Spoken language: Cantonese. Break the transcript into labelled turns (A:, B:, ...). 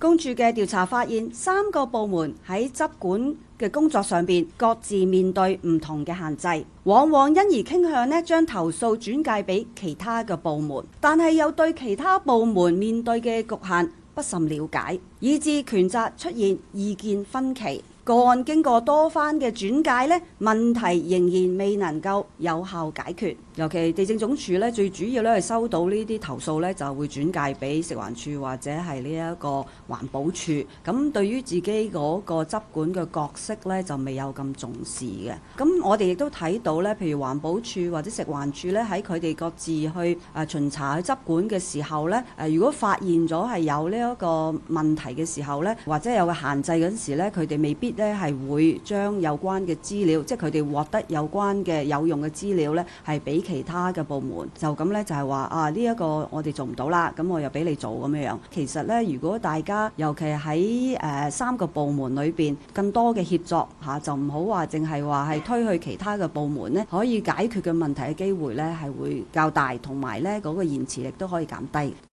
A: 公署嘅調查發現，三個部門喺執管嘅工作上面各自面對唔同嘅限制，往往因而傾向呢將投訴轉介俾其他嘅部門，但係又對其他部門面對嘅局限不甚了解，以致權責出現意見分歧。個案經過多番嘅轉介呢，問題仍然未能夠有效解決。尤其地政總署呢，最主要咧係收到呢啲投訴呢，就會轉介俾食環署或者係呢一個環保署。咁對於自己嗰個執管嘅角色呢，就未有咁重視嘅。咁我哋亦都睇到呢，譬如環保署或者食環署呢，喺佢哋各自去誒巡查去執管嘅時候呢，誒如果發現咗係有呢一個問題嘅時候呢，或者有個限制嗰陣時咧，佢哋未必，咧係會將有關嘅資料，即係佢哋獲得有關嘅有用嘅資料呢，係俾其他嘅部門，就咁呢，就係話啊，呢一個我哋做唔到啦，咁我又俾你做咁樣樣。其實呢，如果大家尤其喺誒三個部門裏邊更多嘅協作嚇，就唔好話淨係話係推去其他嘅部門呢，可以解決嘅問題嘅機會呢係會較大，同埋呢嗰個延遲力都可以減低。